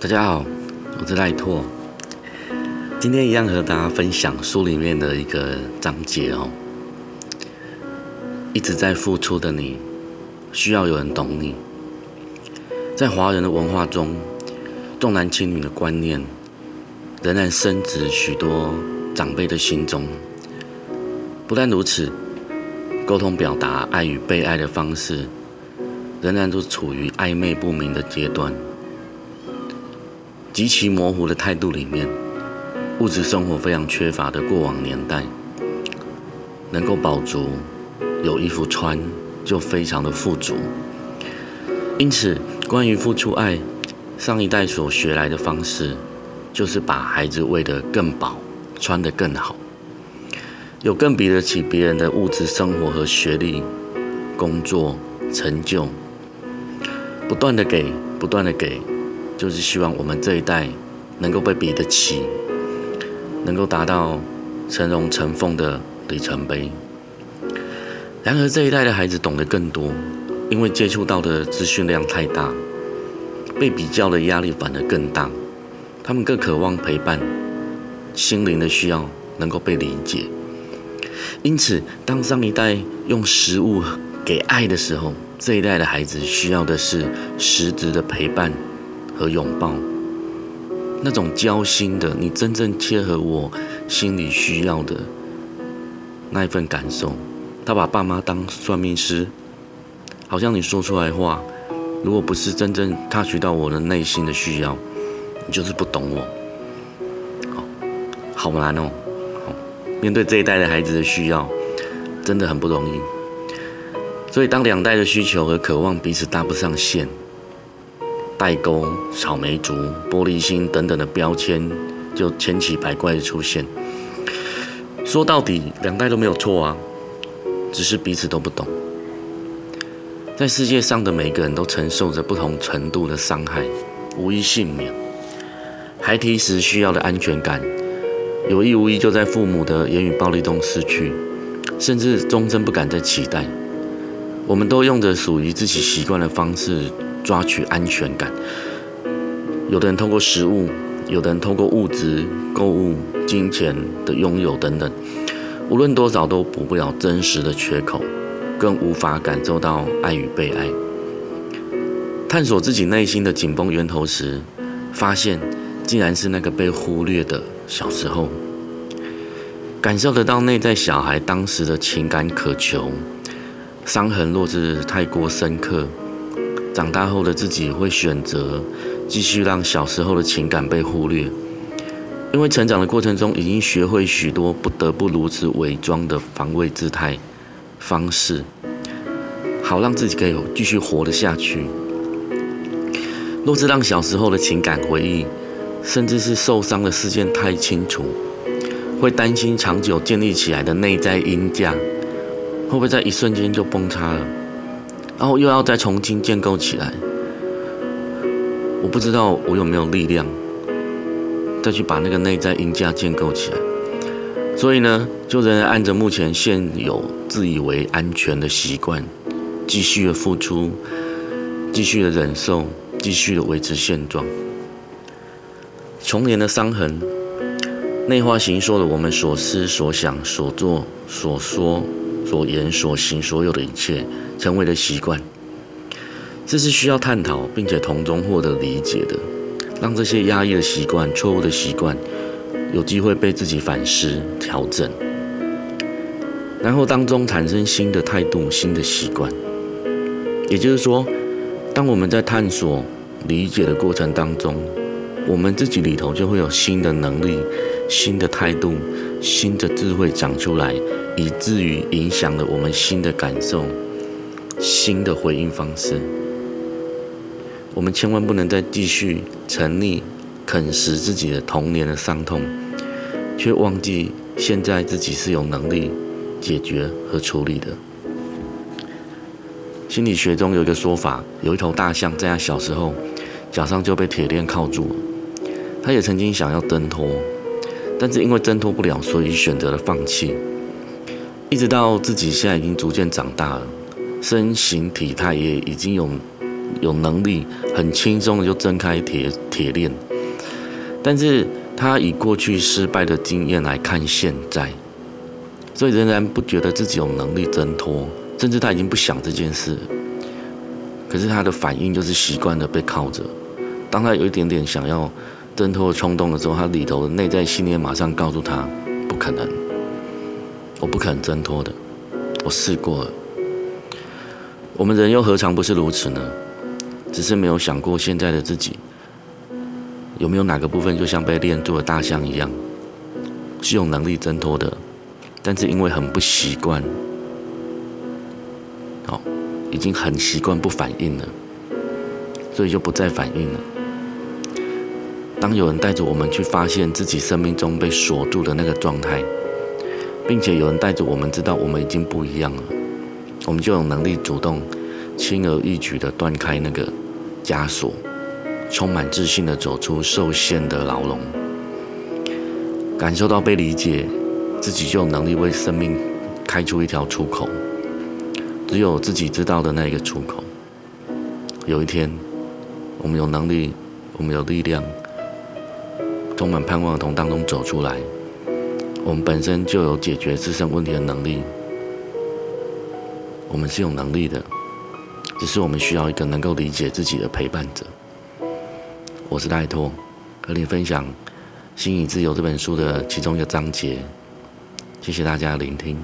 大家好，我是賴拓。今天一樣和大家分享書裡面的一個章節哦。一直在付出的你，需要有人懂你。在華人的文化中，重男輕女的觀念仍然深植許多長輩的心中。不但如此，溝通表達愛與被愛的方式，仍然都處於曖昧不明的階段。極其模糊的態度裡面，物質生活非常缺乏的過往年代，能夠飽足，有衣服穿就非常的富足。因此，關於付出愛，上一代所學來的方式，就是把孩子餵得更飽，穿得更好，有更比得起別人的物質生活和學歷、工作、成就，不斷的給，不斷的給。就是希望我們這一代能夠被比得起，能夠達到成龍成鳳的里程碑。然而，這一代的孩子懂得更多，因為接觸到的資訊量太大，被比較的壓力反而更大。他們更渴望陪伴，心靈的需要能夠被理解。因此，當上一代用食物給愛的時候，這一代的孩子需要的是實質的陪伴，和擁抱，那種交心的，你真正切合我心裡需要的那一份感受。他把爸媽當算命師，好像你說出來的話，如果不是真正踏取到我的內心的需要，你就是不懂我。好，好難哦。好，面對這一代的孩子的需要，真的很不容易。所以，當兩代的需求和渴望彼此搭不上線。代溝、草莓族、玻璃心等等的標籤就千奇百怪的出現。說到底，兩代都沒有錯啊，只是彼此都不懂。在世界上的每一個人都承受着不同程度的傷害，無一幸免。孩提時需要的安全感，有意無意就在父母的言語暴力中失去，甚至終身不敢再期待。我們都用着屬於自己習慣的方式。抓取安全感，有的人透過食物，有的人透過物質、購物、金錢的擁有等等，無論多少都補不了真實的缺口，更無法感受到愛與被愛。探索自己內心的緊繃源頭時，發現竟然是那個被忽略的小時候，感受得到內在小孩當時的情感渴求，傷痕若是太過深刻，長大後的自己會選擇繼續讓小時候的情感被忽略，因為成長的過程中已經學會許多不得不如此偽裝的防衛姿態方式，好讓自己可以繼續活得下去。若是讓小時候的情感回憶，甚至是受傷的事件太清楚，會擔心長久建立起來的內在鷹架會不會在一瞬間就崩塌了。然後又要再重新建構起來，我不知道我有沒有力量，再去把那個內在印家建構起來。所以呢，就仍然按着目前現有自以為安全的習慣，繼續的付出，繼續的忍受，繼續的維持現狀。重年的傷痕內化形塑了我們所思所想所做所說。所言所行，所有的一切成為了習慣，這是需要探討，並且從中獲得理解的。讓這些壓抑的習慣、錯誤的習慣，有機會被自己反思、調整，然後當中產生新的態度、新的習慣。也就是說，當我們在探索、理解的過程當中，我們自己裡頭就會有新的能力、新的態度。新的智慧長出來，以至於影響了我們新的感受、新的回應方式。我們千萬不能再繼續沉溺、啃食自己的童年的傷痛，卻忘記現在自己是有能力解決和處理的。心理學中有一個說法，有一頭大象在它小時候腳上就被鐵鏈銬銬住了，它也曾經想要掙脫。但是因為掙脫不了，所以選擇了放棄。一直到自己現在已經逐漸長大了，身形體態也已經有有能力，很輕鬆地就掙開鐵鐵鏈。但是他以過去失敗的經驗來看現在，所以仍然不覺得自己有能力掙脫，甚至他已經不想這件事。可是他的反應就是習慣的被銬着，當他有一點點想要。掙脫的衝動的時候，他裡頭的內在信念馬上告訴他：不可能，我不可能掙脫的，我試過了。我們人又何嘗不是如此呢？只是沒有想過現在的自己有沒有哪個部分就像被鏈住的大象一樣，是有能力掙脫的，但是因為很不習慣，哦，已經很習慣不反應了，所以就不再反應了。當有人帶着我們去發現自己生命中被鎖住的那個狀態，並且有人帶着我們知道我們已經不一樣了，我們就有能力主動、輕而易舉地斷開那個枷鎖，充滿自信地走出受限的牢籠，感受到被理解，自己就有能力為生命開出一條出口。只有自己知道的那個出口。有一天，我們有能力，我們有力量。充滿盼望，從當中走出來。我們本身就有解決自身問題的能力。我們是有能力的，只是我們需要一個能夠理解自己的陪伴者。我是賴拓，和你分享《心已自由》這本書的其中一個章節。謝謝大家的聆聽。